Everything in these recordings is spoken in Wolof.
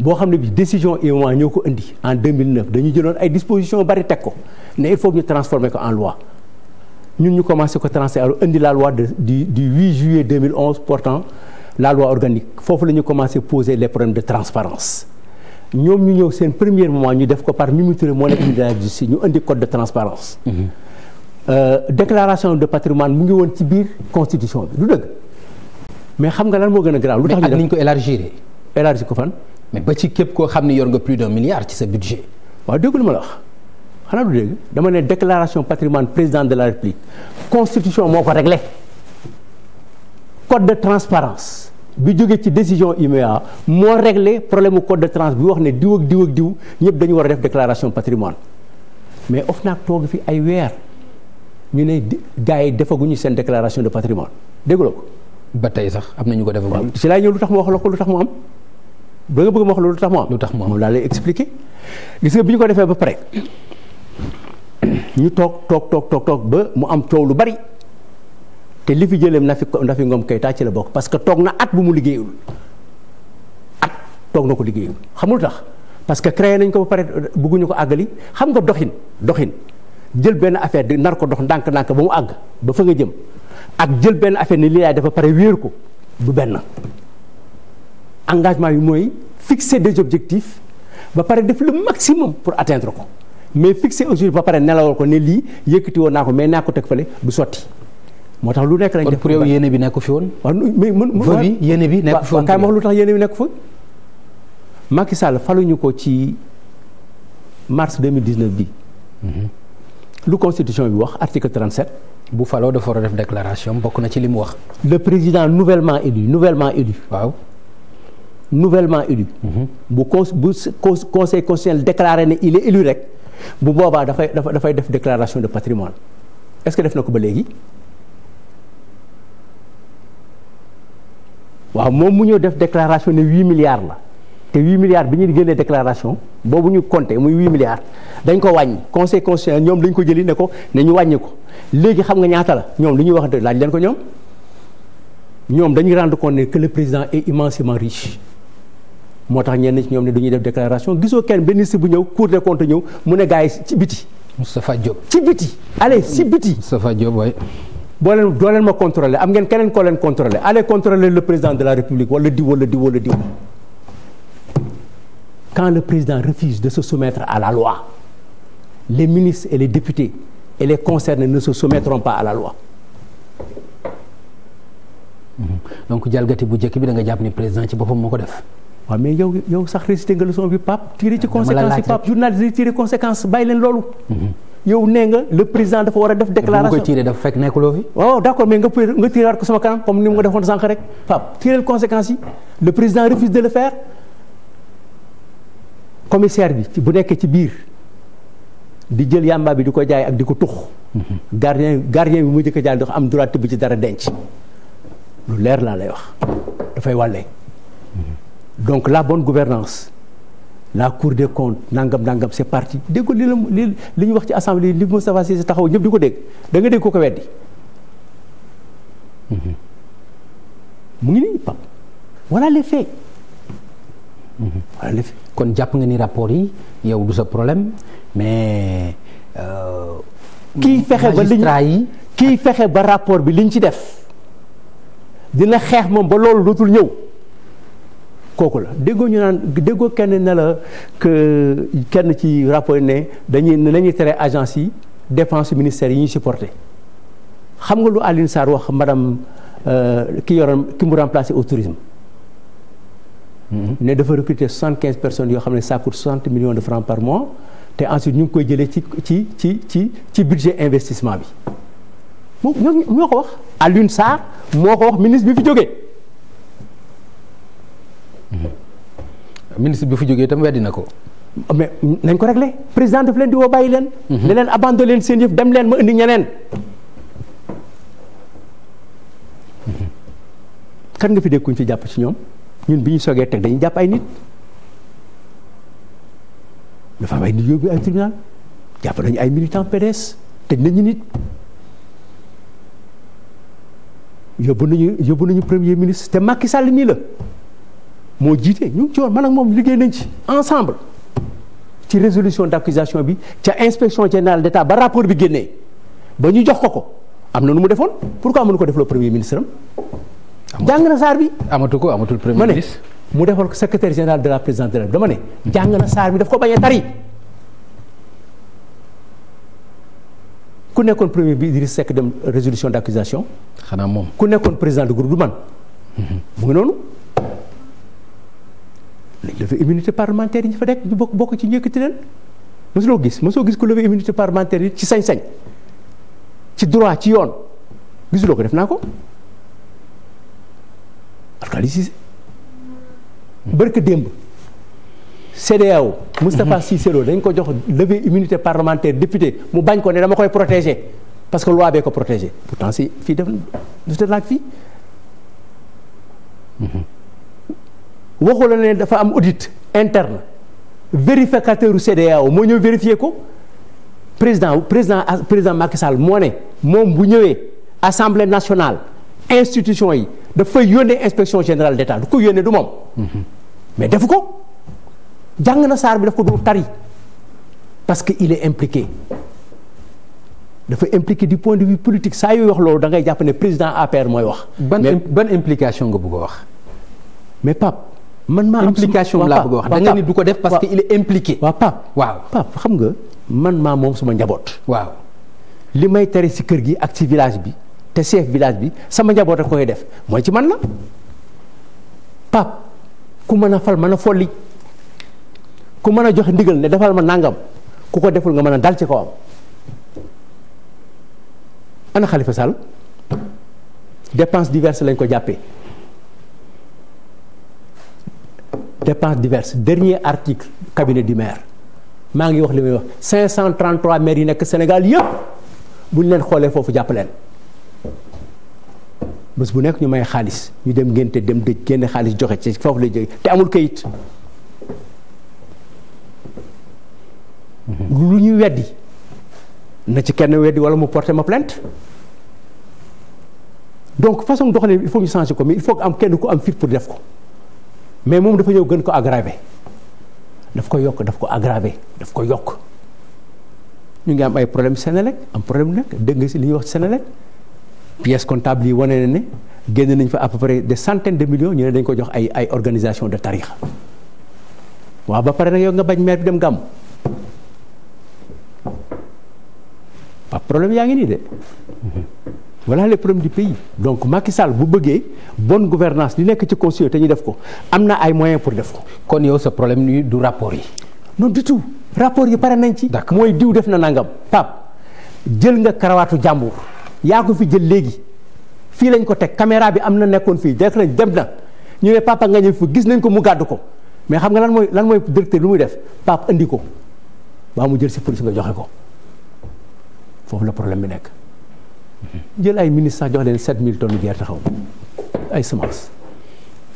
boo xam ne bi décision UEMOA ñoo ko indi en 2009 dañu jëloon ay dispositions bari teg ko ne il faut ñu transformer ko en loi ñun ñu commencé ko transférer indi la loi de du du 8 juillet 2011 portant la loi foofu la ñu commencé les problèmes de transparence ñoom ñu ñëw seen premier moment ñu def ko par Mimi Touré moo nekk ministre de la justice ñu indi code de transparence mmh. euh, déclaration de patrimoine mu ngi woon ci biir constitution bi du dëgg mais xam nga lan moo gën a grave lu tax ñu def mais ak ni ñu ko élargir élargir ko fan mais ba ci képp koo xam ne yor nga plus d'un milliard ci sa budget waaw déggul ma la wax xanaa du dégg dama ne déclaration patrimoine président de la république constitution moo ko réglé code de transparence bi jógee ci décision IMEA moo réglé problème mu code de transparence bi wax ne diw ak diw ak diw ñëpp dañu war a def déclaration patrimoine mais OFNAC toog fi ay weer ñu ne gars yi defaguñu seen déclaration de patrimoine dégguloo ko. ba tey sax am na ñu ko defaguñu. waaw si tax mu wax lu tax mu am. ba nga bëgg ma wax loolu tax mu am lu tax mu am moom laa lay expliquer bi ñu ko defee ba pare ñu toog toog toog toog toog ba mu am coow lu bari te li fi jëleem na fi na fi ngoom kay ci la bokk parce que toog na at bu mu liggéeyul at toog na ko liggéeyul xamul tax parce que créé nañ ko ba pare bëgguñu ko àggali xam nga doxin doxin jël benn affaire di nar ko dox ndànk-ndànk ba mu àgg ba fa nga jëm ak jël benn affaire ni lii laay dafa pare wéer ko du benn engagement yi mooy fixer des objectifs ba pare def le maximum pour atteindre ko mais fixer objectif ba pare nelawal ko ne lii yëkkati woon naa ko mais naa ko teg fële du sotti moo tax lu nekk lañ def pour yow yéene bi nekku fi woon. waaw mais mën yéene bi nekku fi woon kaay ma wax lu tax yéene bi nekku fa. Macky Sall faluñu ko ci mars 2019 bi. Mhm. lu constitution bi wax article 37. bu faloo dafa war def déclaration bokk na ci li mu wax. le président nouvellement élu nouvellement élu. waaw nouvellement élu mhm. bu con bu conseil constitutionnel déclaré ne il est élu rek bu boobaa dafay dafay def déclaration de patrimoine est-ce que def na ko ba léegi waaw moom mu ñëw def déclaration ne huit milliards la te huit milliards bi ñu génnee déclaration boobu ñu compté muy huit milliards dañ ko wàññi conseil constitutionnel ñoom dañ ko jëli ne ko ne ñu wàññi ko léegi xam nga ñaata la ñoom lu ñuy waxante laaj leen ko ñoom ñoom dañuy rendre compte ne que le président est immensément riche moo tax ñenn ci ñoom ne du ñuy def déclaration gisoo kenn benn ministre bu ñëw cour des comptes ñëw mu ne gars yi ci biti. Moustapha Diop ci biti. yi ci biti. Moustapha Diop waay. boo leen doo leen ma contrôler am ngeen keneen koo leen contrôler allez contrôler le président de la république wala diw wala diw wala diw. quand le président refuse de se soumettre à la loi les ministres et les députés et les concernés ne se soumettront pas à la loi. Mm-hmm. donc bu njëkk bi da nga jàpp ni président ci boppam moo ko def. waaw mais yow yow sax récité nga leçon bi Pape tiré ci conséquence bi Pape journaliste bàyyi leen loolu mhm. yow nee nga le président dafa war a def déclaration ko tiré dafa fekk nekkuloo fi waaw oh, d'accord mais nga nga tiréwaat ko sama kanam comme ni mu nga defoon sànq rek Pape tirel conséquence yi le président refuse de le faire commissaire bi bu nekkee ci biir di jël yamba bi di ko jaay ak di ko tux mhm. gardien gardien bi mu jëkk jaay dafa am droit tëbb ci dara denc lu leer laa lay wax dafay wàllee donc la bonne gouvernance la cour des comptes nangam nangam se parti dégg ko li la li li ñu wax ci assemblée li Moustapha Cissé taxaw ñëpp di ko dégg da nga dégg ko ko weddi mhm. mu ngi nii pap mhm. voilà les faits kon jàpp nga ni rapport yi yow du sa problème mais euh, kiy fexe ba liñ yi kiy fexe ba rapport bi liñ ci def dina xeex moom ba loolu dootul ñëw kooku la déggoo ñu naan déggoo kenn ne la kenn ci rapport yi ne dañuy ne la ñuy tere agence yi dépense ministère yi ñu supporté xam nga lu Aline Sarr wax madame euh, ki yoroon ki mu remplacé au tourisme mm-hmm. ne dafa recruter soixante quinze personnes yoo xam ne ça coûte soixante million de francs par mois te ensuite ñu ngi koy jëlee ci ci ci ci ci budget investissement bi ñoo ko wax Alioune Sarr moo ko wax ministre bi fi jógee ministre bi fi jógee itam weddi na ko. mais nañ ko réglé président daf leen di woo bàyyi leen. Mhm. ne leen abandonné leen seen yëf dem leen ma indi ñeneen. Mhm. kan nga fi dégg kuñ fi jàpp ci ñoom ñun bi ñu soogee teg dañuy jàpp ay nit dafa am ay nit yóbbu ay tribunal jàpp nañu ay militant nit yóbbu nañu yóbbu nañu premier ministre te makki Sall mii la. moo jiite ñu ngi ci woon man ak moom liggéey nañ ci ensemble ci résolution d'accusation bi ca inspection générale d'État ba rapport bi génnee ba ñu jox ko ko am na nu mu defoon pourquoi mënu ko def le premier ministre am. jàng na bi. amatu ko amatul premier ministre mu defal ko secrétaire général de la présidence de la dama ne. jàng na saar bi def ko bañ a tari. ku nekkoon premier bi Idriss Seck dem résolution d'accusation. xanaa moom ku nekkoon président de groupe du man. Mhm. mu noonu. léegi dafa immunité parlementaire yi ñu fa nekk ñu bokk bokk ci njëkkati leen loo gis mosoo gis ku lever immunité parlementaire yi ci sañ-sañ ci droit ci yoon gisuloo ko def naa ko Alkali Cissé bërk démb CEDEAO Moustapha mhm. Cissé Lo dañ ko jox lever immunité parlementaire député mu bañ ko ne dama koy protéger parce que loi bee ko protéger pourtant si fii def lu te laaj fii mhm. waxu la ne dafa am audit interne vérificateur CEDEAO moo ñëw vérifier ko président président président Macky Sall moo ne moom bu ñëwee assemblée nationale institution yi dafay yónnee inspection générale d' état du ko yónnee du moom. Mm-hmm. mais def ko jàng na saar bi daf ko du tari parce que il est impliqué dafa impliqué du point de vue politique saa yooyu wax loolu dangay ngay jàpp ne président APR mooy wax. ban ban implication nga bëgg a wax mais Pape. man maa am implication laa bëgg wax da nga du ko def parce que il est impliqué. waaw Pape waaw Pape xam nga man maa moom suma njaboot. waaw li may tere si kër gi ak si village bi te chef village bi sama njaboot rek koy def mooy ci man la Pape ku mën a fal mën a folli ku mën a joxe ndigal ne defal ma nangam ku ko deful nga mën a dal ci kawam ana Khalifa Sall dépense diverse lañ ko jàppee. dépenses diverses dernier article cabinet du maire maa ngi wax li may wax 533 maires yi nekk Sénégal yëpp bu buñ leen xoolee foofu jàpp leen bés bu nekk ñu may xaalis ñu dem ngénte dem dëj génne xaalis joxe ci foofu lay jóge te amul kayit lu ñu weddi na ci kenn weddi wala mu porter ma plainte donc façon doxalee il faut ñu changer ko mais il faut am kenn ku am fit pour def ko. mais moom dafa ñëw gën ko aggravé daf ko yokk daf ko aggravé daf ko yokk ñu ngi am ay problème Sénélec am problème nag dégg nga si li ñuy wax Sénélec pièce comptable yi wane na ni génn nañ fa à peu près des centaines de millions ñu ne dañ ko jox ay ay organisation de tarixa waaw ba pare nag yow nga bañ meer bi dem gàmm pas problème yaa ngi nii de mhm. voilà les problèmes du pays donc Macky bu bëggee bonne gouvernance li nekk ci constitution te ñu def ko am na ay moyen pour def ko. kon yow sa problème ni du rapport yi. non du tout rapport yi pare nañ ci. d'accord mooy diw def na nangam. Pape jël nga karawaatu jàmbur yaa ko fi jël léegi fii lañ ko teg caméra bi am na nekkoon fii def nañ dem na ñu ne Papa nga ñëw fi gis nañ ko mu gàddu ko mais xam nga lan mooy lan mooy directeur lu muy def Pape andi ko baa mu jël si police nga joxe ko foofu la problème bi nekk. jël ay ministres jox leen 7000 tonnes gerte xaw ay semences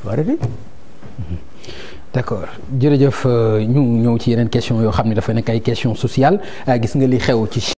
arrêté. d' accord jërëjëf euh, ñu ñëw ci yeneen question yoo xam ne dafa nekk ay question sociale euh, gis nga li xew ci